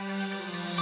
Música